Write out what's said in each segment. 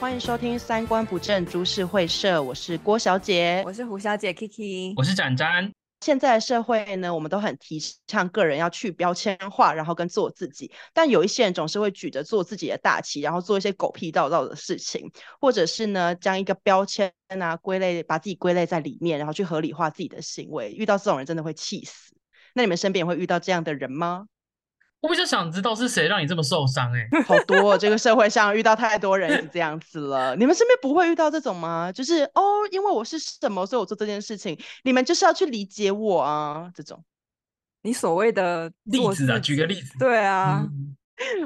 歡迎收聽三觀不正株式會社，我是郭小姐，我是胡小姐，Kiki，我是展展。現在的社會呢，我們都很提倡個人要去標籤化，然後跟做自己。但有一些人總是會舉着做自己的大旗，然後做一些狗屁倒灶的事情，或者是呢將一個標籤啊歸類，把自己歸類在裡面，然後去合理化自己的行為。遇到這種人真的會氣死。那你們身邊也會遇到這樣的人嗎？我比較想知道是誰讓你這麼受傷。哎、欸！好多這個社會上遇到太多人這樣子了， 你們身邊不會遇到這種嗎？就是哦，因為我是什麼，所以我做這件事情。你們就是要去理解我啊。這種你所謂的例子啊，舉個例子。對啊，嗯、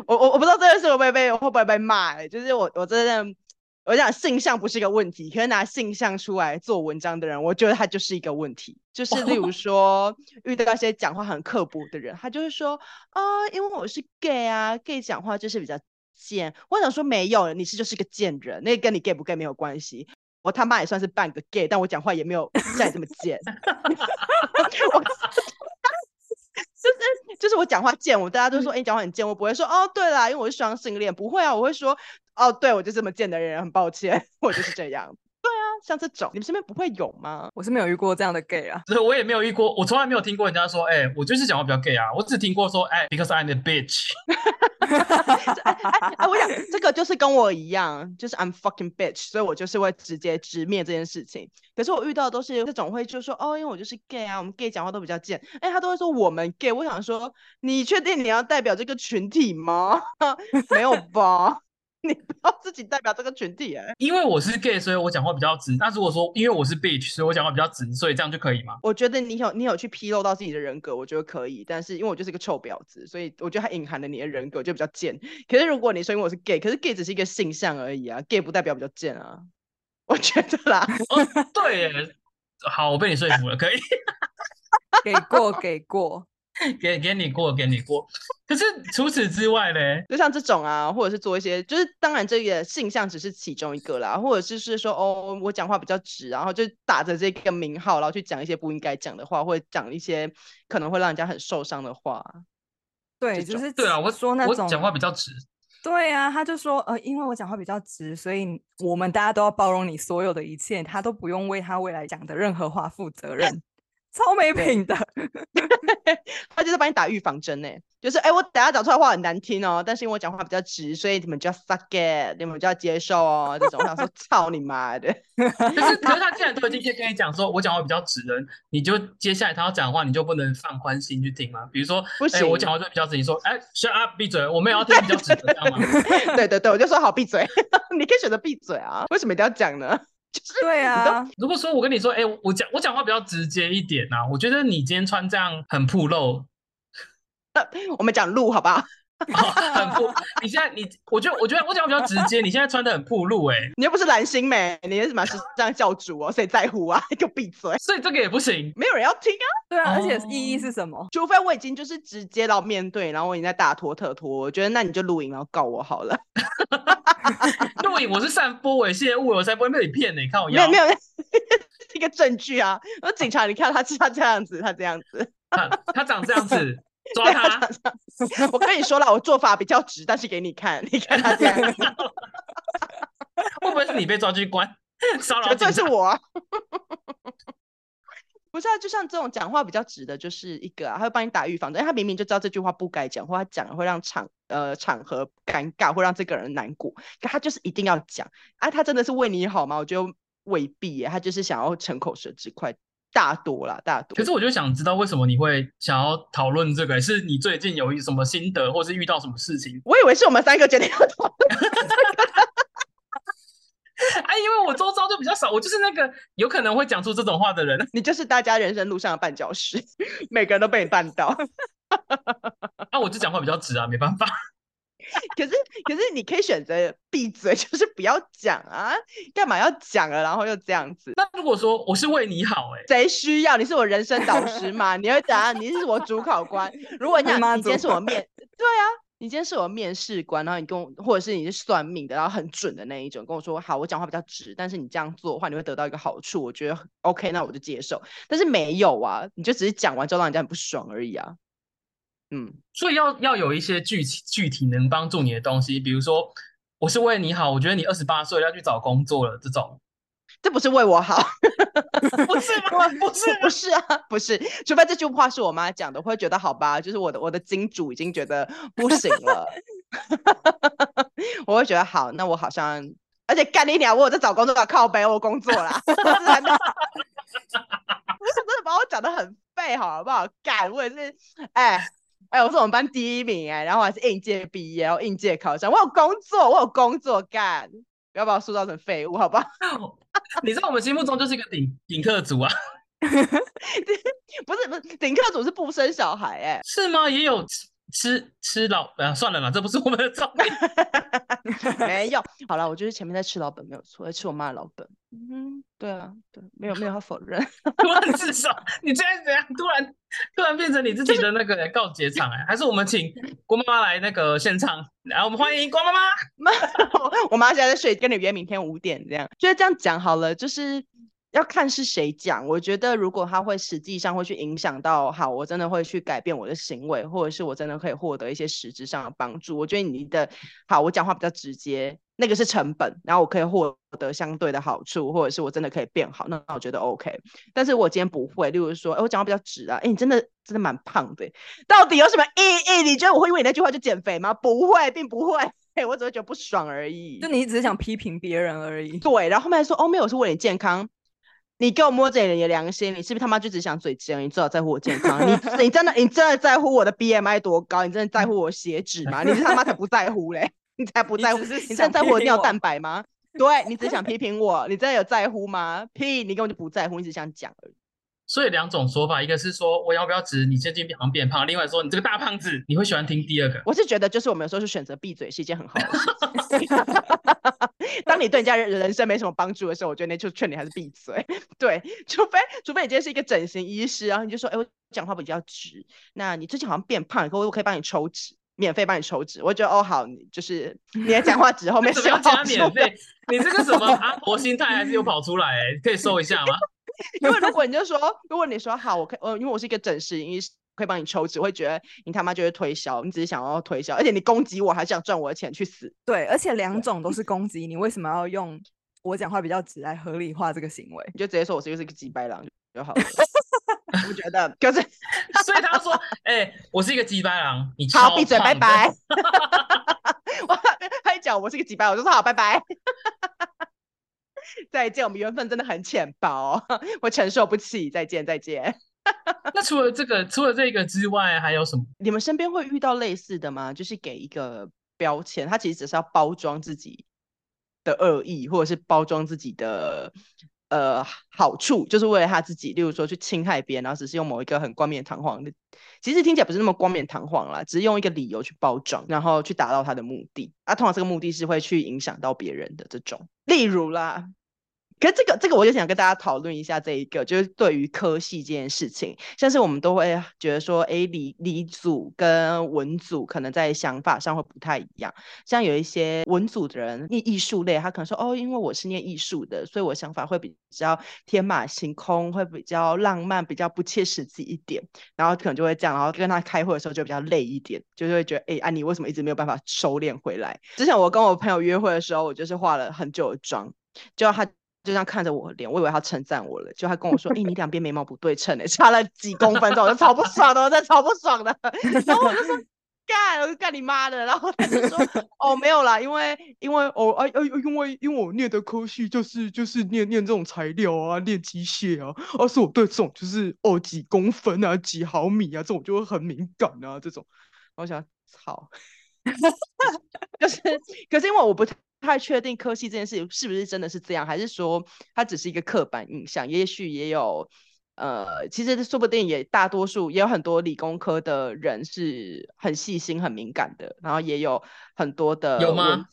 我我我不知道這件事我不會被會不會被罵、欸、就是我我真的。我想性向不是一個問題，可是拿性向出來做文章的人，我覺得他就是一個問題。就是例如說，哦、遇到一些講話很刻薄的人，他就是說，啊、呃，因為我是 gay 啊，gay 講話就是比較賤。我想說，沒有，你是就是個賤人，那跟你 gay 不 gay 沒有關係。我他媽也算是半個 gay，但我講話也沒有再這麼賤。哈哈哈哈哈。就是。就是我講話賤，我大家都說，哎、欸，你講話很賤，我不會說，哦，對啦，因為我是雙性戀，不會啊，我會說，哦，對，我就是這麼賤的人，很抱歉，我就是這樣。 對啊，像這種，你們身邊不會有嗎？我是沒有遇過這樣的 gay 啊，我也沒有遇過，我從來沒有聽過人家說，哎、欸，我就是講話比較 gay 啊，我只聽過說，哎、欸、，because I'm a bitch。 哈哈哈哈哈！哎哎哎，我想這個就是跟我一樣，就是 I'm fucking bitch，所以我就是會直接直面這件事情。可是我遇到的都是這種會就是說，就說哦，因為我就是 gay 啊，我們 gay 講話都比較賤。哎、欸，他都會說我們 gay，我想說，你確定你要代表這個群體嗎？ 沒有吧？ 你不要自己代表這個群體哎、欸，因為我是 gay，所以我講話比較直。那如果說，因為我是 bitch，所以我講話比較直，所以這樣就可以嗎？我覺得你有你有去披露到自己的人格，我覺得可以。但是因為我就是個臭婊子，所以我覺得它隱含了你的人格就比較賤。可是如果你說因為我是 gay，可是 gay 只是一個性向而已啊 ，gay 不代表比較賤啊，我覺得啦。 哦、對，好，我被你說服了， 可以。 給過，給過。 給給你過給你過，可是除此之外呢，就像這種啊，或者是做一些，就是當然這個性向只是其中一個啦，或者是是說哦，我講話比較直，然後就打着這個名號，然後去講一些不應該講的話，或者講一些可能會讓人家很受傷的話。對，就是對啊，我說那種我講話比較直。對啊，他就說呃，因為我講話比較直，所以我們大家都要包容你所有的一切，他都不用為他未來講的任何話負責任。嗯.超沒品的， 他就是幫你打預防針呢，就是、欸、我等下講出來話很難聽哦、喔，但是因為我講話比較直，所以你們就要 suck it，你們就要接受哦、喔。這種我想說 操你媽的，但是可是他既然都已經先跟你講說我講話比較直，人你就接下來他要講的話你就不能放寬心去聽嗎？比如說哎、欸、我講話就比較直說，你說哎 shut up，閉嘴，我沒有要聽你比較直的， 這樣嗎？ 對，對對對，我就說好閉嘴， 你可以選擇閉嘴啊，為什麼一定要講呢？就是、對啊，如果說我跟你說，哎、欸，我講我講話比較直接一點吶、啊，我覺得你今天穿這樣很暴露、呃，我們講路好不好、 哦？很暴， 你現在你，我覺得我覺得我講話比較直接， 你現在穿的很暴露、欸，哎，你又不是藍心湄，你是什麼這樣叫主哦，誰在乎啊？就閉嘴，所以這個也不行，沒有人要聽啊。對啊，而且意義是什麼？Oh. 除非我已經就是直接到面對，然後我已經在大拖特拖，我覺得那你就錄音然後告我好了。 我是散播偽信息，我才不會被你騙呢！你看我，沒有、欸、沒有沒有這一個證據啊！我說警察，你看他，他這樣子，他這樣子，他，他長這樣子， 抓他，他！我跟你說了，我做法比較直，但是給你看，你看他這樣子， 會不會是你被抓去關騷擾警察，這是我、啊。 不是、啊，就像這種講話比較直的，就是一個、啊，他會幫你打預防針。因為他明明就知道這句話不該講，或他講了會讓場呃場合尷尬，會讓這個人難過，可他就是一定要講。啊，他真的是為你好嗎？我覺得未必，他就是想要逞口舌之快，大多了，大多。可是，我就想知道為什麼你會想要討論這個？是你最近有一什麼心得，或是遇到什麼事情？我以為是我們三個決定要討論。哎、啊，因為我周遭就比較少，我就是那個有可能會講出這種話的人。你就是大家人生路上的絆腳石，每個人都被你絆倒。 啊，我就講話比較直啊，沒辦法。 可是，可是你可以選擇閉嘴，就是不要講啊，幹嘛要講了、啊，然後又這樣子？那如果說我是為你好、欸，哎，誰需要你？是我人生導師嘛？ 你會講、啊，你是我主考官。 如果你講，你，媽你今天是我面對啊。你今天是我面試官，然後你跟我，或者是你是算命的，然後很準的那一種，跟我說好，我講話比較直，但是你這樣做的話，你會得到一個好處，我覺得 OK，那我就接受。但是沒有啊，你就只是講完之後讓人家很不爽而已啊。嗯，所以要要有一些具體具體能幫助你的東西，比如說我是為你好，我覺得你二十八歲要去找工作了，這種。這不是為我好， 不是嗎？不是，不是啊，不是。除非這句話是我媽講的，我會覺得好吧，就是我的我的金主已經覺得不行了， 我會覺得好，那我好像，而且幹一年，我有在找工作，靠北我工作啦，不 是 真的把我講得很廢，好不好幹，我也是，哎、欸、哎、欸，我是我們班第一名哎、欸，然後還是應屆畢業生，然後應屆考生，我有工作，我有工作幹。不要把我塑造成廢物，好不好？ 你在我們心目中就是一個頂頂客族啊， 不是，不是頂客族是不生小孩，哎、欸，是嗎？也有。吃吃老本啊，算了啦，這不是我們的照片， 沒有。好了，我就是前面在吃老本，沒有錯，在吃我媽的老本。嗯，對啊，對，沒有 沒有，要否認。我很自首，你現在怎樣？突然突然變成你自己的那個告解場？哎、欸就是。還是我們請郭媽媽來那個現場？來，我們歡迎郭媽媽。媽 我媽現在在睡，跟你約明天五點這樣。就這樣講好了，就是。要看是誰講，我覺得如果他會實際上會去影響到，好，我真的會去改變我的行為，或者是我真的可以獲得一些實質上的幫助。我覺得你的好，我講話比較直接，那個是成本，然後我可以獲得相對的好處，或者是我真的可以變好，那我覺得 OK。但是我今天不會，例如說，欸、我講話比較直啊，欸、你真的真的蠻胖的、欸，到底有什麼意義？你覺得我會因為你那句話就減肥嗎？不會，並不會、欸，我只會覺得不爽而已。就你只是想批評別人而已。對，然後後面說，歐、哦、沒有，我是為你健康。你給我摸着你的良心，你是不是他媽就只想嘴賤？你最好在乎我健康。 你你真的你真的在乎我的 BMI 多高？你真的在乎我血脂嗎？你是他媽才不在乎嘞！你才不在乎！你,你真的在乎我尿蛋白嗎？對你只想批評我， 你真的有在乎嗎？屁！你根本就不在乎，你只想講而已。所以兩種說法，一個是說我要不要直，你最近好像變胖。另外說你這個大胖子，你會喜歡聽第二個？我是覺得，就是我們有時候是選擇閉嘴是一件很好的事情。 當你對人家人生沒什麼幫助的時候，我覺得那就勸你還是閉嘴。對，除非除非你今天是一個整形醫師，然後你就說，哎、欸，我講話比較直？那你最近好像變胖，可可以我可以幫你抽脂，免費幫你抽脂。我覺得哦好，你就是你的講話直後面是 要加免費，你這個什麼阿婆心態還是又跑出來、欸？可以搜一下嗎？ 因為如果你就說，如果你說好，我可以，呃，因為我是一個整形醫師，可以幫你抽脂，我會覺得你他媽就是推銷，你只是想要推銷，而且你攻擊我還是想賺我的錢去死。對，而且兩種都是攻擊，你為什麼要用我講話比較直來合理化這個行為？ 你就直接說我是一個雞掰郎就好了。 我覺得就是， 所以他說，哎、欸，我是一個雞掰郎，你好，閉嘴，拜拜。 他一講我是一個雞掰，我就說好，拜拜。 再見，我們緣分真的很淺薄，我承受不起。再見，再見。 那除了這個，除了這個之外，還有什麼？你們身邊會遇到類似的嗎？就是給一個標籤，他其實只是要包裝自己的惡意，或者是包裝自己的呃好處，就是為了他自己。例如說，去侵害別人，然後只是用某一個很冠冕堂皇的，其實聽起來不是那麼冠冕堂皇啦，只是用一個理由去包裝，然後去達到他的目的。啊，通常這個目的是會去影響到別人的這種，例如啦。這個這個我就想跟大家討論一下，這一個就是對於科系這件事情，像是我們都會覺得說，哎、欸，理理組跟文組可能在想法上會不太一樣。像有一些文組的人，念藝術類，他可能說，哦，因為我是念藝術的，所以我想法會比較天馬行空，會比較浪漫，比較不切實際一點。然後可能就會這樣，然後跟他開會的時候就比較累一點，就是會覺得，哎、欸，啊，你為什麼一直沒有辦法收斂回來？之前我跟我朋友約會的時候，我就是化了很久的妝，就他。就這樣看着我臉，我以為他稱讚我了，就他跟我說：“誒、 欸，你兩邊眉毛不對稱，誒，差了幾公分。”這種超不爽的，我 真超不爽的。然後我就說，幹， 我就幹你媽的。然後他就說：“ 哦，沒有啦，因為因為哦哎哎因為因為我念的科系就是就是念念這種材料啊，念機械啊，而，啊，是我對這種就是哦，幾公分啊，幾毫米啊，這種就會很敏感啊，這種。 ”我想操，好 就是可是因為我不太。太確定科技這件事情是不是真的是這樣，還是說它只是一個刻板印象？也許也有，呃，其實說不定也大多數也有很多理工科的人是很細心、很敏感的，然後也有很多的有嗎？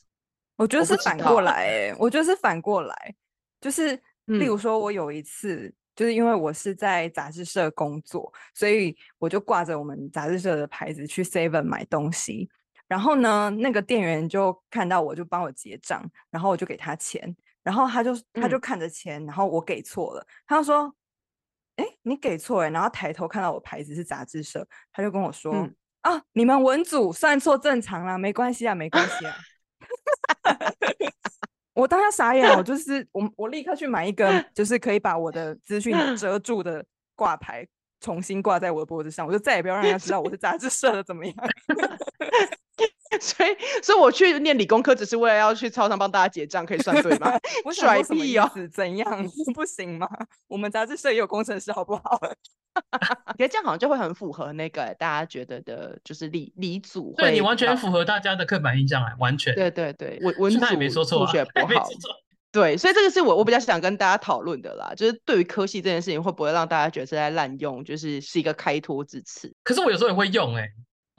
我覺得是反過來、欸，我覺得是反過來，就是例如說，我有一次、嗯、就是因為我是在雜誌社工作，所以我就掛着我們雜誌社的牌子去 Seven 買東西。然後呢，那個店員就看到我，就幫我結賬，然後我就給他錢，然後他就他就看着錢、嗯，然後我給錯了，他就說：“哎，你給錯了。”然後抬頭看到我牌子是雜誌社，他就跟我說：“嗯、啊，你們文組算錯正常啦，沒關係啊，沒關係啊。 ” 我當時傻眼了，我就是我我立刻去買一個就是可以把我的資訊遮住的掛牌，重新掛在我的脖子上，我就再也不要讓人家知道我是雜誌社的怎麼樣。 所以，所以我去念理工科，只是為了要去超商幫大家結賬，可以算對嗎？ 我甩臂哦， 怎樣 不行嗎？我們雜誌社也有工程師，好不好？你 看這樣好像就會很符合那個大家覺得的，就是理理組。對你完全符合大家的刻板印象，啊，完全。對對對，我我沒說錯、啊，數學不好也。對，所以這個是我我比較想跟大家討論的啦，就是對於科系這件事情，會不會讓大家覺得是在濫用，就是是一個開脫之詞？可是我有時候也會用誒。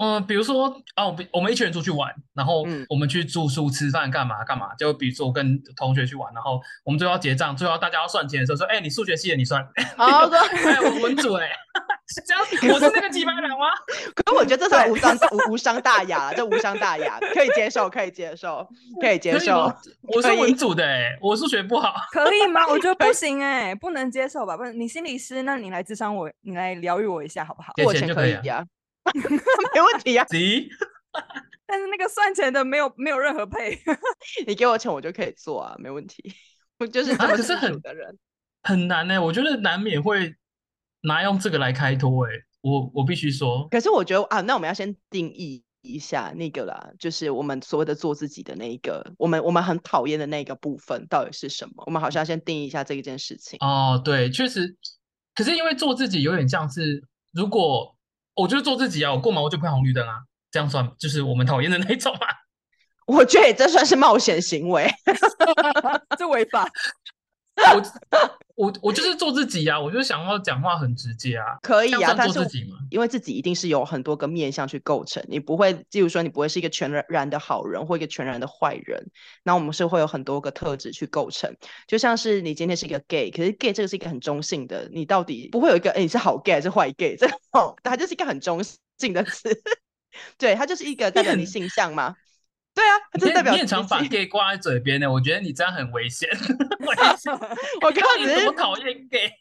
嗯，比如說、啊、我,我們一群人出去玩，然後我們去住宿、吃飯、幹嘛幹嘛。就、嗯、比如說我跟同學去玩，然後我們最後結賬，最後大家要算錢的時候，說：“哎，你數學系的，你算。”啊，我說：“哎，我文組哎， 我是那個奇葩男嗎？” 可是我覺得這是無傷無,無傷大雅，這無傷大雅，可以接受，可以接受，可以接受。我是文組的，哎，我數學不好，可以嗎？我覺得不行，哎，不能接受吧？不你心理師，那你來諮商我，你來療癒我一下好不好？就啊、我錢就可以、啊 沒問題啊， 但是那個算錢的沒有沒有任何配， 你給我錢我就可以做啊，沒問題。我就是可是很 很難哎，我覺得難免會拿用這個來開脫哎，我我必須說。可是我覺得啊，那我們要先定義一下那個啦，就是我們所謂的做自己的那一個，我們我們很討厭的那個部分到底是什麼？我們好像要先定義一下這一件事情。哦，對，確實，可是因為做自己有點像是如果。我、哦、就是做自己啊！我過馬路就不看紅綠燈啊，這樣算就是我們討厭的那種嘛、啊、我覺得這算是冒險行為， 這違法。 我我我就是做自己呀、啊，我就想要講話很直接啊，可以啊，但是因為自己一定是有很多個面向去構成，你不會，例如說你不會是一個全然的好人或一個全然的壞人，那我們是會有很多個特質去構成，就像是你今天是一個 gay，可是 gay 這個是一個很中性的，你到底不會有一個誒，欸、你是好 gay 還是壞 gay 這種，它就是一個很中性的詞， 對，它就是一個代表你性向嘛。對啊，你在現場把 gay 掛在嘴邊的，欸，我覺得你這樣很危險。 我告訴 你我討厭 gay，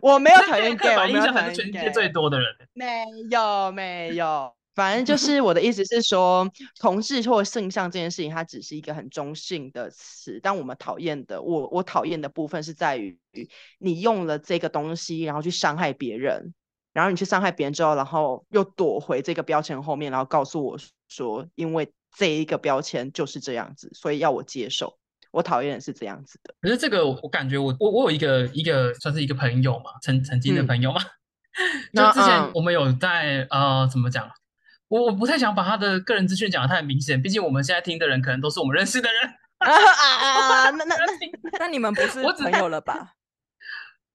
我沒有討厭 gay, gay，我印象很，是純潔最多的人。沒有沒有，反正就是我的意思是說， 同志或性向這件事情，它只是一個很中性的詞。但我們討厭的，我我討厭的部分是在於你用了這個東西，然後去傷害別人，然後你去傷害別人之後，然後又躲回這個標籤後面，然後告訴我說，因為。這一個標籤就是這樣子，所以要我接受，我討厭是這樣子的。可是這個，我感覺我我我有一個一個算是一個朋友嘛，曾曾經的朋友嘛、嗯。就之前我們有在呃，怎麼講？我我不太想把他的個人資訊講得太明顯，畢竟我們現在聽的人可能都是我們認識的人。啊啊、uh, uh, 啊！ 那那那 那你們不是朋友了吧？ 我只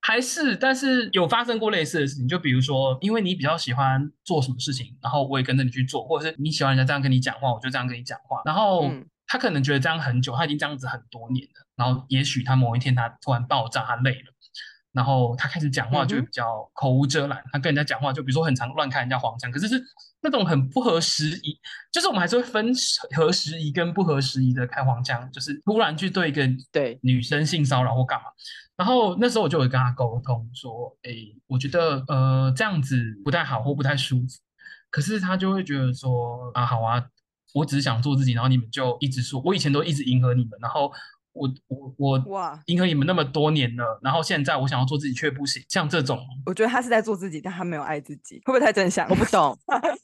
還是，但是有發生過類似的事情，就比如說，因為你比較喜歡做什麼事情，然後我也跟着你去做，或者是你喜歡人家這樣跟你講話，我就這樣跟你講話。然後他可能覺得這樣很久，他已經這樣子很多年了。然後也許他某一天他突然爆炸，他累了。然後他開始講話就會比較口無遮攔，嗯，他跟人家講話就比如說很常亂開人家黃腔，可是是那種很不合時宜，就是我們還是會分合時宜跟不合時宜的開黃腔，就是突然去對一個對女生性騷擾或幹嘛。然後那時候我就有跟他溝通說，誒、哎，我覺得呃這樣子不太好或不太舒服，可是他就會覺得說啊好啊，我只是想做自己，然後你們就一直說我以前都一直迎合你們，然後。我我我哇，迎合你們那麼多年了，然後現在我想要做自己卻不行，像這種，我覺得他是在做自己，但他沒有愛自己，會不會太正向？我不懂，哈哈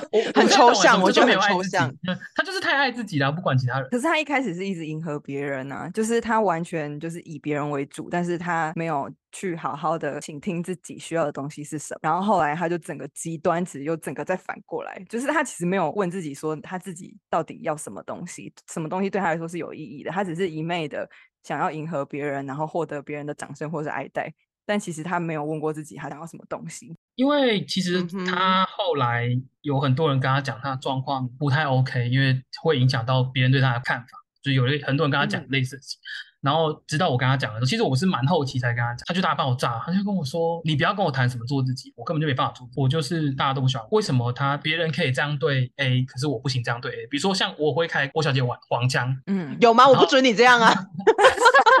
哈，很抽象，我，我就沒有，我很抽象，他就是太愛自己了，不管其他人。可是他一開始是一直迎合別人啊，就是他完全就是以別人為主，但是他沒有。去好好的傾聽自己需要的東西是什麼，然後後來他就整個極端只又整個再反過來，就是他其實沒有問自己說他自己到底要什麼東西，什麼東西對他來說是有意義的，他只是一昧的想要迎合別人，然後獲得別人的掌聲或者愛戴，但其實他沒有問過自己他想要什麼東西。因為其實他後來有很多人跟他講，他的狀況不太 OK，因為會影響到別人對他的看法，就有一很多人跟他講類似的事情、嗯。然後直到我跟他講的時候，其實我是蠻後期才跟他講，他就大爆炸，他就跟我說：“你不要跟我談什麼做自己，我根本就沒辦法做，我就是大家都不喜歡。”為什麼他別人可以這樣對 A，可是我不行這樣對 A？比如說像我會開郭小姐玩黃腔，嗯，有嗎？我不准你這樣啊！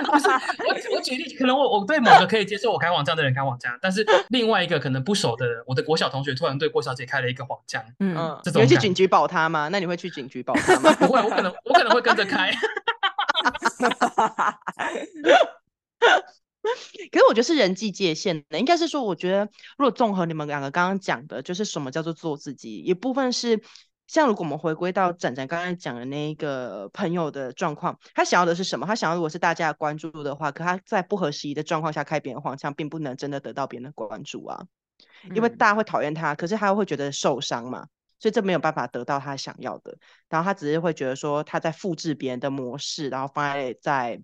我我舉例，可能我我對某個可以接受我開黃腔的人開黃腔，但是另外一個可能不熟的人，我的國小同學突然對郭小姐開了一個黃腔，嗯嗯，這種、嗯、你會去警局報他嗎？那你會去警局報他嗎？不會，我可能我可能會跟着開。 哈哈哈哈哈！可是我覺得是人際界限的，應該是說，我覺得如果綜合你們兩個剛剛講的，就是什麼叫做做自己，一部分是像如果我們回歸到展展剛剛講的那個朋友的狀況，他想要的是什麼？他想要如果是大家的關注的話，可他在不合時宜的狀況下開別人黃腔，並不能真的得到別人的關注啊，因為大家會討厭他、嗯，可是他又會覺得受傷嘛。所以這沒有辦法得到他想要的，然後他只是會覺得說他在複製別人的模式，然後放在在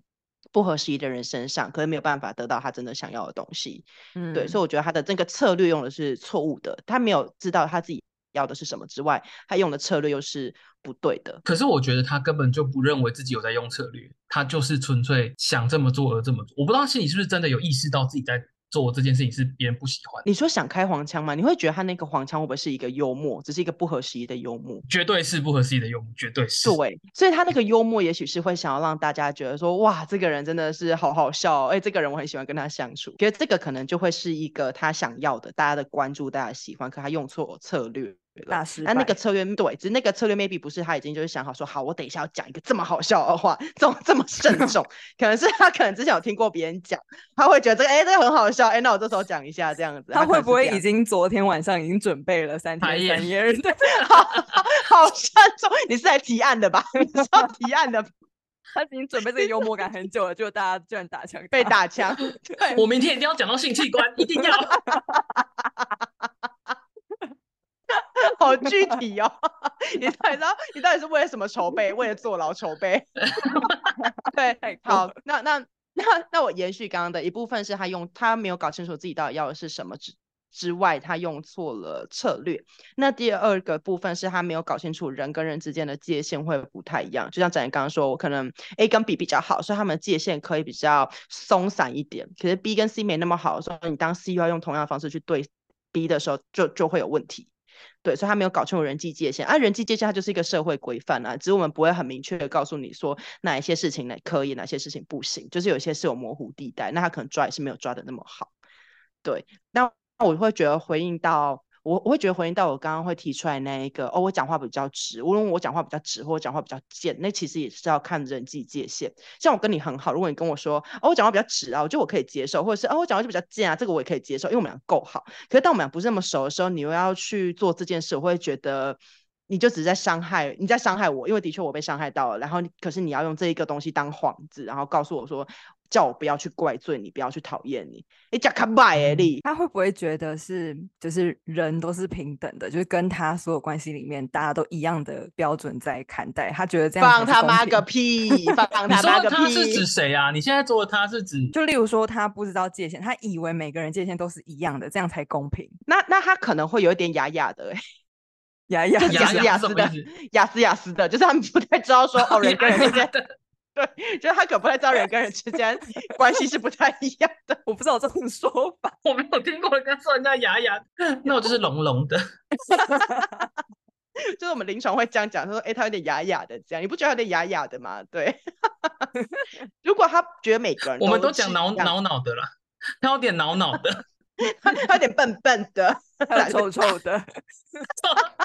不合時宜的人身上，可是沒有辦法得到他真的想要的東西。嗯，對，所以我覺得他的這個策略用的是錯誤的，他沒有知道他自己要的是什麼之外，他用的策略又是不對的。可是我覺得他根本就不認為自己有在用策略，他就是純粹想這麼做而這麼做。我不知道心裡是不是真的有意識到自己在。做我這件事情是別人不喜歡。你說想開黃腔嗎？你會覺得他那個黃腔會不會是一個幽默，只是一個不合時宜的幽默？絕對是不合時宜的幽默，絕對是。對，所以他那個幽默也許是會想要讓大家覺得說、嗯，哇，這個人真的是好好笑、哦，哎、欸，這個人我很喜歡跟他相處。其實這個可能就會是一個他想要的，大家的關注，大家喜歡，可他用錯策略。大師，那、啊、那個策略對，其實那個策略 maybe 不是他已經就是想好說好，我等一下要講一個這麼好笑的話，這麼這麼慎重， 可能是他可能之前有聽過別人講，他會覺得這個哎、欸、這個很好笑，哎、欸、那我這時候講一下這樣子。他會不會已經昨天晚上已經準備了三天三夜？對 3 年， 好慎重。你是來提案的吧？你是來提案的？ 他已經準備這個幽默感很久了，結果大家居然打槍，被打槍。對，我明天一定要講到性器官， 一定要。 好具體哦， 你你知道 你到底是為了什麼籌備？ 為了坐牢籌備？ 對，好，那那那那我延續剛剛的一部分，是他用他沒有搞清楚自己到底要的是什麼之之外，他用錯了策略。那第二個部分是他沒有搞清楚人跟人之間的界限會不太一樣。就像展剛剛說，我可能 A 跟 B 比較好，所以他們界限可以比較鬆散一點。可是 B 跟 C 沒那麼好的，所以你當 C 要用同樣的方式去對 B 的時候就，就就會有問題。對，所以他沒有搞清楚人際界限啊，人際界限它就是一個社會規範啊，只是我們不會很明確的告訴你說哪一些事情可以，哪一些事情不行，就是有些是有模糊地帶，那他可能抓也是沒有抓的那麼好。對，那我會覺得回應到。我我會覺得回應到我剛剛會提出來的那一個哦，我講話比較直，無論我講話比較直或者講話比較賤，那其實也是要看人際界限。像我跟你很好，如果你跟我說哦，我講話比較直啊，我覺得我可以接受；或者是哦，我講話就比較賤啊，這個我也可以接受，因為我們倆夠好。可是當我們倆不是那麼熟的時候，你又要去做這件事，我會覺得你就只是在傷害，你在傷害我，因為的確我被傷害到了。然後，可是你要用這一個東西當幌子，然後告訴我說。叫我不要去怪罪你，不要去討厭你。哎，Jack o b y 他會不會覺得是就是人都是平等的，就是跟他所有關係裡面，大家都一樣的標準在看待他，覺得這樣放他媽個屁，放他媽個屁。 你說他是指誰啊？你現在做的，他是指就例如說他不知道界限，他以為每個人界限都是一樣的，這樣才公平。那那他可能會有一點雅雅的、欸，雅雅雅雅是的，亞斯亞斯的，就是他們不太知道說哦人跟人對，就是他可不太知道人跟人之間關係是不太一樣的， 我不知道有這種說法，我沒有聽過人家說人家亞亞，那我就是聾聾的， 就是我們臨床會這樣講，他說，哎、欸，他有點亞亞的，這樣你不覺得他有點亞亞的嗎？對， 如果他覺得每個人，我們都講腦腦腦的啦，他有點腦腦的 他，他有點笨笨的，臭臭的。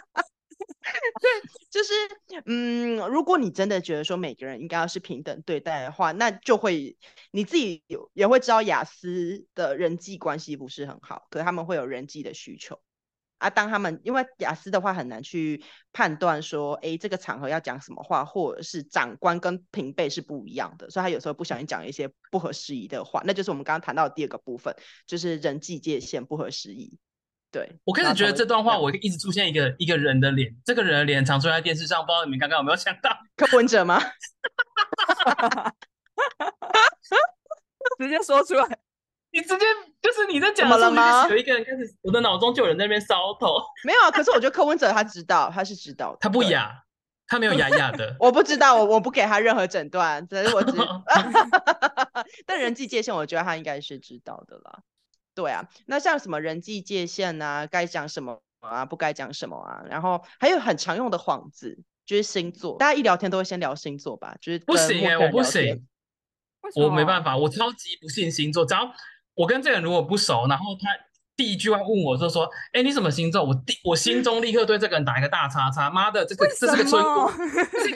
對，就是嗯，如果你真的覺得說每個人應該要是平等對待的話，那就會你自己有也會知道亞斯的人際關係不是很好，可是他們會有人際的需求啊。當他們因為亞斯的話很難去判斷說哎，這個場合要講什麼話，或者是長官跟平輩是不一樣的，所以他有時候不小心講一些不合時宜的話，那就是我們剛剛談到的第二個部分，就是人際界限不合時宜。對，我開始覺得這段話我，我一直出現一個一個人的臉，這個人的臉常出現在電視上，不知道你們剛剛有沒有想到柯文哲嗎？ 直接說出來，你直接就是你在講什麼，有一個人開始，我的腦中就有人在那邊搔頭。沒有啊，可是我覺得柯文哲他知道，他是知道的，的， 他不雅，他沒有雅雅的。 我不知道，我我不給他任何診斷，所以我知道 但人際界限，我覺得他應該是知道的啦。對啊，那像什麼人際界限啊，該講什麼啊，不該講什麼啊，然後還有很常用的幌子就是星座，大家一聊天都會先聊星座吧，就是不行、欸、我不行，我沒辦法，我超級不信星座。只要我跟這個人如果不熟，然後他第一句話問我就說：“哎，你什麼星座？”我第我心中立刻對這個人打一個大叉叉，媽的，這個這是個村姑，這是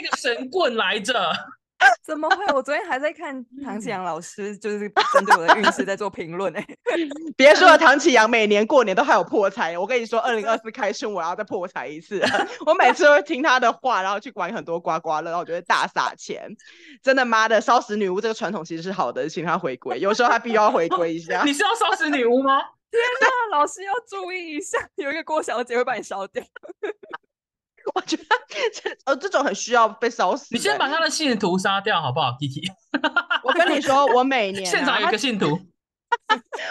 一個神棍來着。 怎麼會？我昨天還在看唐綺陽老師、嗯，就是針對我的運勢在做評論哎。別說了，唐綺陽每年過年都還有破財。我跟你說，二零二四開春我要再破財一次。我每次都聽他的話，然後去玩很多刮刮樂，然後覺得大撒錢。真的媽的，燒死女巫這個傳統其實是好的，請他回歸。有時候他必要回歸一下。 你是要燒死女巫嗎？ 天哪、啊，老師要注意一下，有一個郭小姐會把你燒掉。 我覺得這呃這種很需要被燒死。你先把他的信徒殺掉好不好？弟弟， 我跟你說，我每年、啊、現場有一個信徒，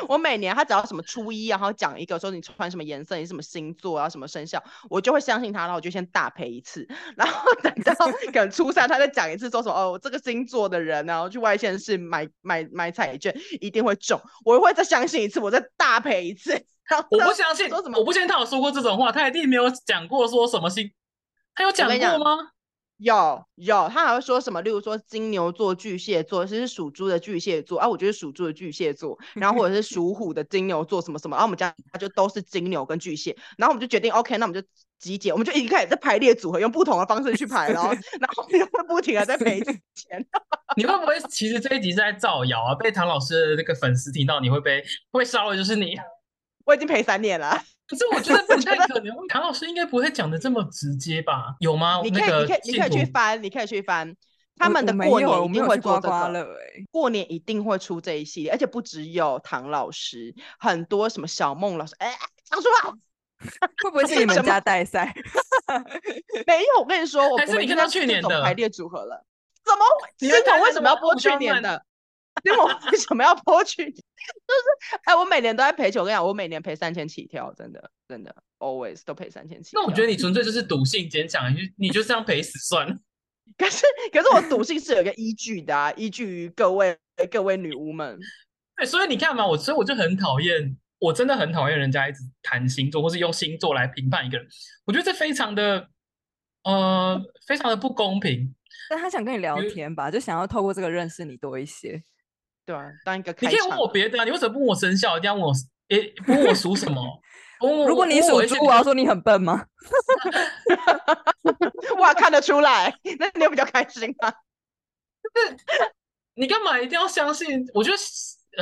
我每年他只要什麼初一、啊、然後講一個說你穿什麼顏色，你什麼星座啊，然後什麼生肖，我就會相信他，然後我就先大賠一次。然後等到等初三，他再講一次說什麼 哦，這個星座的人、啊、然後去外縣市買買買彩券一定會中，我會再相信一次，我再大賠一次。我不相信，我不相信他有說過這種話，他一定沒有講過說什麼星。他有講過嗎？有有，他還會說什麼？例如說金牛座、巨蟹座，其實是屬豬的巨蟹座。啊，我覺得屬豬的巨蟹座，然後或者是屬虎的金牛座，什麼什麼。然、啊、我們家他就都是金牛跟巨蟹，然後我們就決定 OK，那我們就集結，我們就一開始在排列組合，用不同的方式去排了， 然後會不停的在賠錢。 你會不會其實這一集是在造謠啊？被唐老師的那個粉絲聽到，你會被會殺我就是你。我已經賠三年了。可是我覺得不太可能， 唐老師應該不會講的這麼直接吧？有嗎你、那個？你可以，你可以去翻，你可以去翻他們的過年，我沒有一定會、這個，我們有做這、欸、過年一定會出這一系列，而且不只有唐老師，很多什麼小孟老師，哎、欸，唐、啊、叔 會不會是你們家帶賽？ 沒有，我跟你說，我不會跟他去年的去排列組合了。怎麼系統為什麼要播去年的？我 為什麼要棄去？就是哎，我每年都在賠球，我跟你講，我每年賠三千起跳，真的，真的，always 都賠三千起跳。那我覺得你純粹就是賭性堅強， 你就你就這樣賠死算了。可是可是我賭性是有一個依據的啊， 依據於各位各位女巫們。對，所以你看嘛，我所以我就很討厭，我真的很討厭人家一直談星座，或是用星座來評判一個人。我覺得這非常的呃，非常的不公平。 但他想跟你聊天吧，就想要透過這個認識你多一些。對啊，當一個你可以問我別的啊，你為什麼不問我生肖？一定要問我，哎、欸，不問我屬什麼？不， 如果你屬豬問我，我要說你很笨嗎？ 哇，看得出來，那 你就比較開心啊。就是你幹嘛一定要相信？我覺得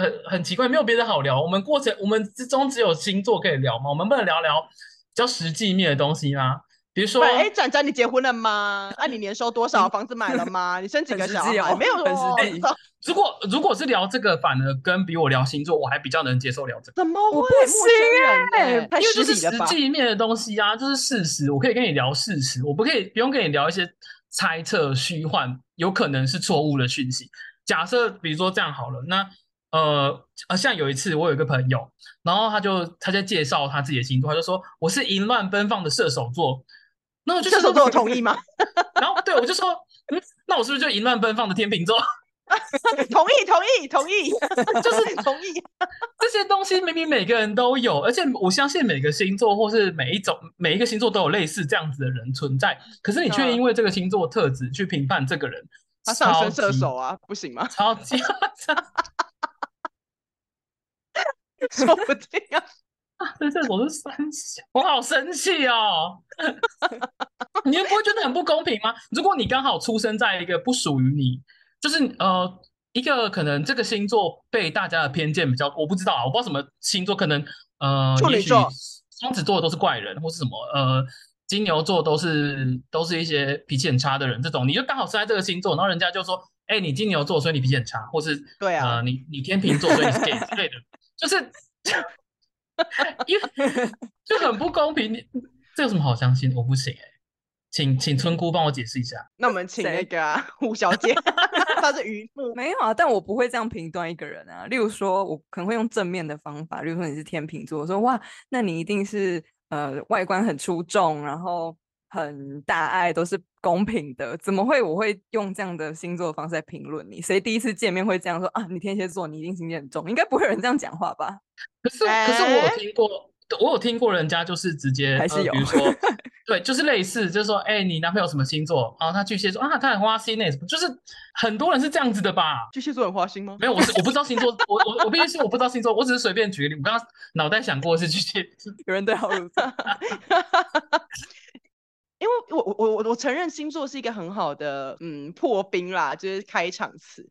很很奇怪，沒有別的好聊。我們過程，我們之中只有星座可以聊嘛？我們不能聊聊比較實際面的東西嗎？比如說，哎、欸，展展，你結婚了嗎？按、啊、你年收多少？嗯？房子買了嗎？你生幾個小孩？欸、沒有。哎、欸，如果如果是聊這個，反而跟比我聊星座，我還比較能接受聊這個。怎麼會？不行哎，因為這是實際面的東西啊，就是事實。我可以跟你聊事實，我不可以不用跟你聊一些猜測、虛幻、有可能是錯誤的訊息。假設比如說這樣好了，那呃呃，像有一次我有一個朋友，然後他就他在介紹他自己的星座，他就說，我是淫亂奔放的射手座。那我就射手同意嗎？ 然後對我就說，嗯，那我是不是就淫亂奔放的天秤座？ 同意，同意，同意， 就是同意。 這些東西明明每個人都有，而且我相信每個星座或是每一種每一個星座都有類似這樣子的人存在。可是你卻因為這個星座的特質去評判這個人，他上升射手啊，不行嗎？ 超級， 說不定啊。啊！對對，我是生氣，我好生氣哦！ 你們不會覺得很不公平嗎？如果你剛好出生在一個不屬於你，就是呃，一個可能這個星座被大家的偏見比較，我不知道啊，我不知道什麼星座可能呃，處女座、也許雙子座都是怪人，或是什麼呃，金牛座都是都是一些脾氣很差的人。這種你就剛好生在這個星座，然後人家就說：“哎、欸，你金牛座，所以你脾氣很差。”或是“對啊，呃、你你天秤座，所以你是 gay」之類的。 ”就是。 因就很不公平， 你這有什麼好相信？我不行哎、欸，請請村姑幫我解釋一下。那我們請那個、啊、吳小姐，她 是漁夫。 沒有啊，但我不會這樣評斷一個人啊。例如說，我可能會用正面的方法，例如說你是天秤座，我說哇，那你一定是呃外觀很出眾，然後很大愛都是。公平的，怎麼會我會用這樣的星座的方式來評論你？誰第一次見面會這樣說啊？你天蠍座，你一定心情很重，應該不會有人這樣講話吧？可是，可是我有聽過、欸，我有聽過人家就是直接，還是有、呃，比如說， 對，就是類似，就是說，哎、欸，你男朋友有什麼星座啊？然後他巨蟹座啊，他很花心那、欸、就是很多人是這樣子的吧？巨蟹座很花心嗎？沒有，我是我不知道星座， 我我我必須我不知道星座，我只是隨便舉個例子，我剛剛腦袋想過是巨蟹，有人對號入座。因為我我我我承認星座是一個很好的嗯破冰啦，就是開場詞。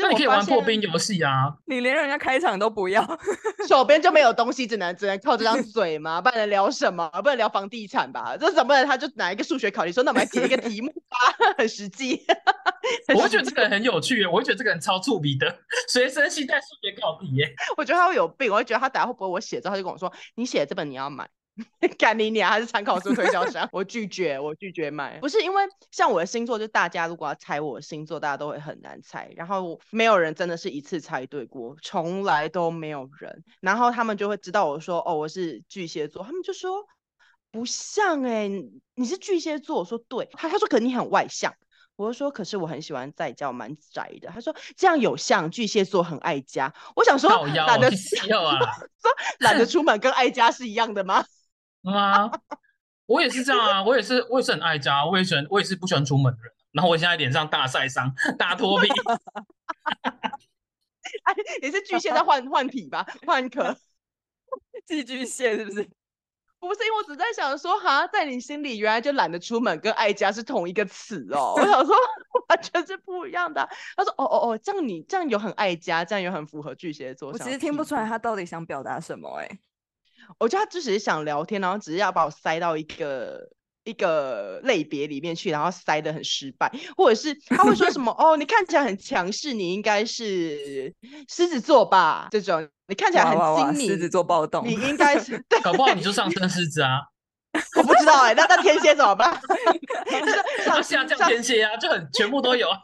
那你可以玩破冰遊戲啊。你連人家開場都不要， 手邊就沒有東西，只能只能靠這張嘴嘛，不然能聊什麼？不然能聊房地產吧？這怎麼不能？他就拿一個數學考題 說，那我們提一個題目吧， 很實際際。 我覺得這個人很有趣，我覺得這個人超粗鄙的，隨身攜帶數學考題耶。我覺得他會有病，我會覺得他大概會不會我寫之後他就跟我說，你寫這本你要買。 敢理你啊？還是參考書推銷商？ 我拒絕，我拒絕買。不是因為像我的星座，就大家如果要猜我的星座，大家都會很難猜。然後沒有人真的是一次猜對過，從來都沒有人。然後他們就會知道我說哦，我是巨蟹座。他們就說不像哎、欸，你是巨蟹座。我說對，他他說可能你很外向。我就說可是我很喜歡在家，蠻宅的。他說這樣有像巨蟹座很愛家。我想說懶得要啊，說 懶得出門跟愛家是一樣的嗎？ 嗯、啊！我也是這樣啊！我也是，我也是很愛家、啊，我也喜歡，我也是不喜歡出門的人。然後我現在臉上大曬傷，大脫皮。哎、 啊，也是巨蟹在換換 體吧，換殼。 寄居蟹是不是？ 不是，因為我只在想說，哈，在你心裡，原來就懶得出門跟愛家是同一個詞哦。 我想說，完全是不一樣的、啊。他說：“哦哦哦，這樣你這樣有很愛家，這樣有很符合巨蟹座。”我其實聽不出來他到底想表達什麼、欸，哎。我覺得他就只是想聊天，然後只是要把我塞到一個一個類別裡面去，然後塞得很失敗，或者是他會說什麼 哦，你看起來很強勢，你應該是獅子座吧？這種你看起來很精明，獅子座暴動，你應該是，對。搞不好你就上升獅子啊？ 我不知道哎、欸，那那天蠍怎麼辦？上下降天蠍啊，就很全部都有啊，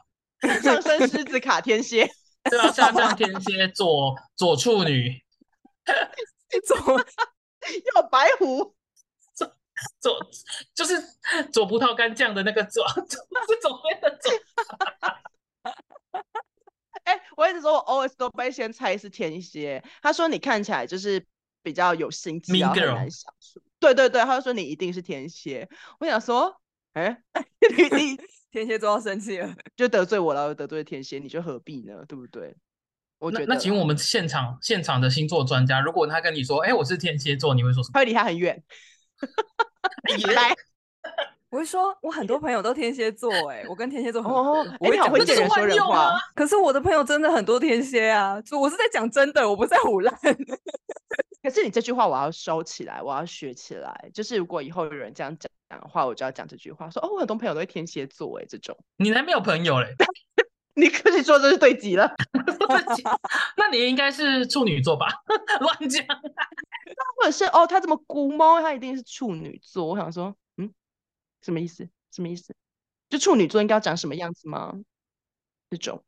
上升獅子卡天蠍，對啊，下降天蠍左左處女左。要 白狐， 左左就是左葡萄乾醬的那個左，是左邊的左。哎 、欸，我一直說我 always 都被先猜是天蠍。他說你看起來就是比較有心機，好難相處。對對對，他就說你一定是天蠍。我想說，哎、欸， 你 天蠍座要生氣了，就得罪我了，得罪，得罪天蠍，你就何必呢？對不對？我覺得那，那請問我們現場現場的星座專家，如果他跟你說，哎、欸，我是天蠍座，你會說什麼？他會離他很遠。來 ，Yeah. 我會說，我很多朋友都天蠍座、欸，哎，我跟天蠍座很、oh, 我一點會借、欸、人說人話。可是我的朋友真的很多天蠍啊，我是在講真的，我不是在唬爛。 可是你這句話我要收起來，我要學起來。就是如果以後有人這樣講的話，我就要講這句話，說哦，我很多朋友都是天蠍座、欸，哎，這種你還沒有朋友嘞。 你可以說，這是對極了， 那你應該是處女座吧？亂 講。那或者是哦，他這麼龜毛，他一定是處女座。我想說，嗯，什麼意思？什麼意思？就處女座應該要長什麼樣子嗎？這種。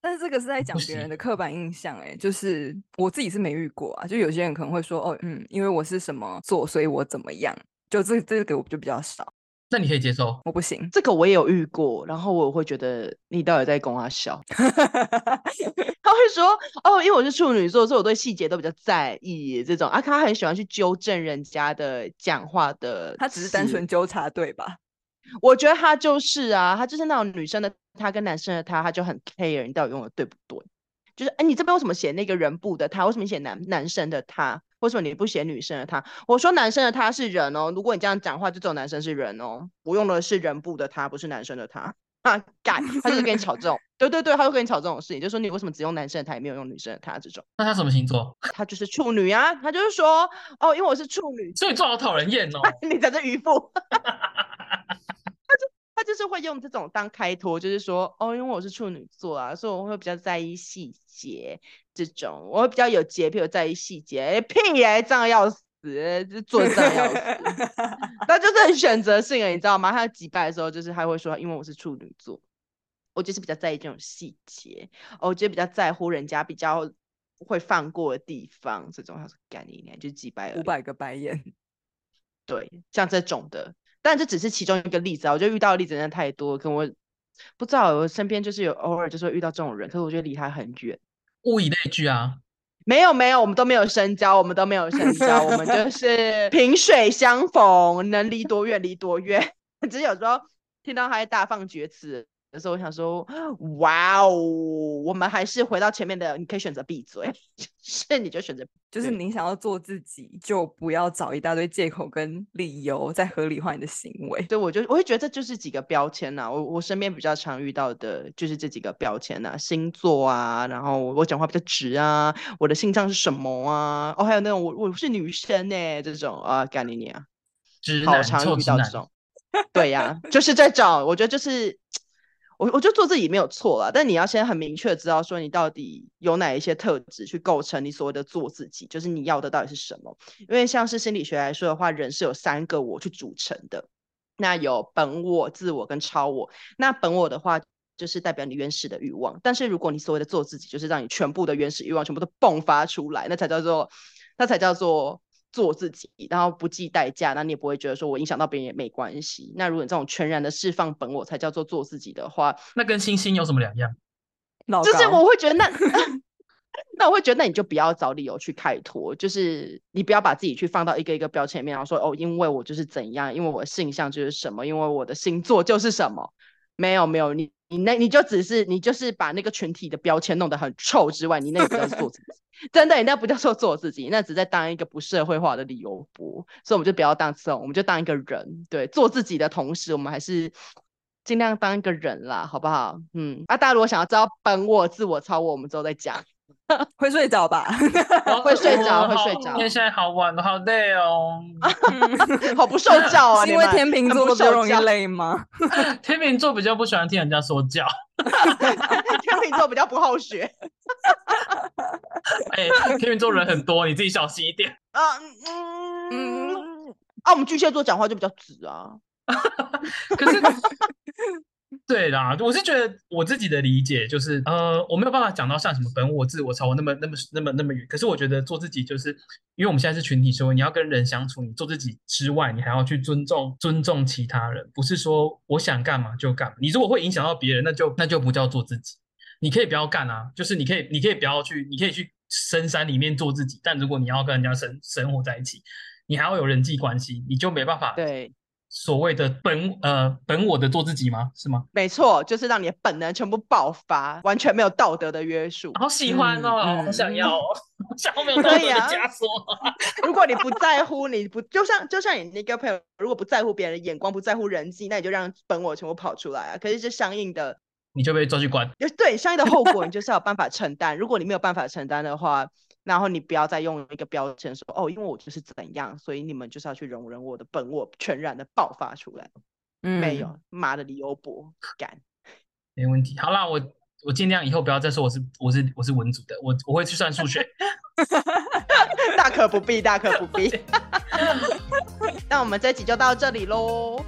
但是這個是在講別人的刻板印象，誒，就是我自己是沒遇過啊。就有些人可能會說，哦，嗯，因為我是什麼座，所以我怎麼樣。就這這個給我就比較少。那你可以接受，我不行。這個我也有遇過，然後我會覺得你到底在跟阿笑。 他會說，哦，因為我是處女座，所以我對細節都比較在意這種啊，他很喜歡去糾正人家的講話的。他只是單純糾察對吧？我覺得他就是啊，他就是那種女生的他跟男生的他，他就很 care 你到底用的對不對？就是哎、欸，你這邊為什麼寫那個人部的他？為什麼寫男男生的他？為什麼你不寫女生的他？我說男生的他是人哦。如果你這樣講話，就這種男生是人哦。我用的是人部的他，不是男生的他啊。幹，他就跟你吵這種。 對對對，他就跟你吵這種事情，就說你為什麼只用男生的他，也沒有用女生的他這種。那他什麼星座？他就是處女啊。他就是說，哦，因為我是處女，所以你座好討人厭哦。 你才是迂腐。 就會用這種當開脫，就是說，哦，因為我是處女座啊，所以我會比較在意細節，這種我會比較有潔癖，有在意細節，誒，屁，髒要死，就髒、是、要死，他 就是很選擇性，你知道嗎？他要機掰的時候，就是他會說，因為我是處女座，我就是比較在意這種細節，哦，我覺得比較在乎人家比較會放過的地方，這種他說幹你娘就機掰了，五百個白眼，對，像這種的。但這只是其中一個例子啊，我覺得遇到的例子真的太多，可我不知道，我身邊就是有偶爾就是會遇到這種人，可是我覺得離他很遠，物以類聚啊，沒有沒有，我們都沒有深交，我們都沒有深交， 我們就是萍水相逢，能離多遠離多遠， 只是有時候聽到他在大放厥詞。有時候我想說，哇哦，我們還是回到前面的，你可以選擇閉嘴， 是你就選擇，就是你想要做自己，就不要找一大堆借口跟理由再合理化你的行為。對，我就我會覺得這就是幾個標籤吶、啊，我我身邊比較常遇到的就是這幾個標籤吶、啊，星座啊，然後我講話比較直啊，我的性向是什麼啊？哦，還有那種我我是女生呢、欸，這種啊，幹你你啊，好常遇到這種，對呀、啊，就是在找， 我覺得就是。我我就做自己沒有錯啦，但你要先很明確知道說你到底有哪一些特質去構成你所謂的做自己，就是你要的到底是什麼？因為像是心理學來說的話，人是有三個我去組成的，那有本我、自我跟超我。那本我的話就是代表你原始的欲望，但是如果你所謂的做自己，就是讓你全部的原始欲望全部都迸發出來，那才叫做，那才叫做。做自己，然後不計代價，那你也不會覺得說我影響到別人也沒關係。那如果你這種全然的釋放本我，才叫做做自己的話，那跟猩猩有什麼兩樣？就是我會覺得那， 那我會覺得那你就不要找理由去開脫，就是你不要把自己去放到一個一個標籤裡面，然後說哦，因為我就是怎樣，因為我的性向就是什麼，因為我的星座就是什麼，沒有沒有你。你那你就只是你就是把那個群體的標籤弄得很臭之外，你那也不叫做做自己， 真的，你那不叫做做自己，那只在當一個不社會化的理由博。所以我們就不要當這種，我們就當一個人，對，做自己的同時，我們還是盡量當一個人啦，好不好？嗯，啊，大家如果想要知道本我、自我、超我，我們之後再講。 睡 會睡着吧？會睡着，會睡着。因為現在好晚，好累哦。 嗯、 好不受教啊！是因為天秤座比較容易累嗎？ 天秤座比較不喜歡聽人家說教。 天秤座比較不好學。 哎，天秤座人很多，你自己小心一點啊。嗯嗯嗯。啊，我們巨蟹座講話就比較直啊。 可是。 對啦，我是覺得我自己的理解就是，呃，我沒有辦法講到像什麼本我、自我、超我那麼那麼那麼那麼那麼遠。可是我覺得做自己，就是因為我們現在是群體社會，你要跟人相處，你做自己之外，你還要去尊重尊重其他人。不是說我想幹嘛就幹嘛，你如果會影響到別人，那就那就不叫做自己。你可以不要幹啊，就是你可以你可以不要去，你可以去深山裡面做自己。但如果你要跟人家生生活在一起，你還要有人際關係，你就沒辦法對。所謂的本呃本我的做自己嗎？是嗎？沒錯，就是讓你的本能全部爆發，完全沒有道德的約束。好喜歡哦！好、嗯哦、想要哦、嗯！想要沒有道德的枷鎖可以、啊、 如果你不在乎，你不就像就像你那個朋友，如果不在乎別人的眼光，不在乎人際，那你就讓本我全部跑出來啊！可是這相應的，你就被抓去關，對，相應的後果你就是要有辦法承擔。 如果你沒有辦法承擔的話。然後你不要再用一個標籤說哦，因為我就是怎樣，所以你們就是要去容忍我的本我全然的爆發出來。嗯，沒有媽的，理由不敢。沒問題，好啦，我我儘量以後不要再說我是我是我是文組的，我我會去算數學。 大可不必，大可不必。 那我們這集就到這裡嘍。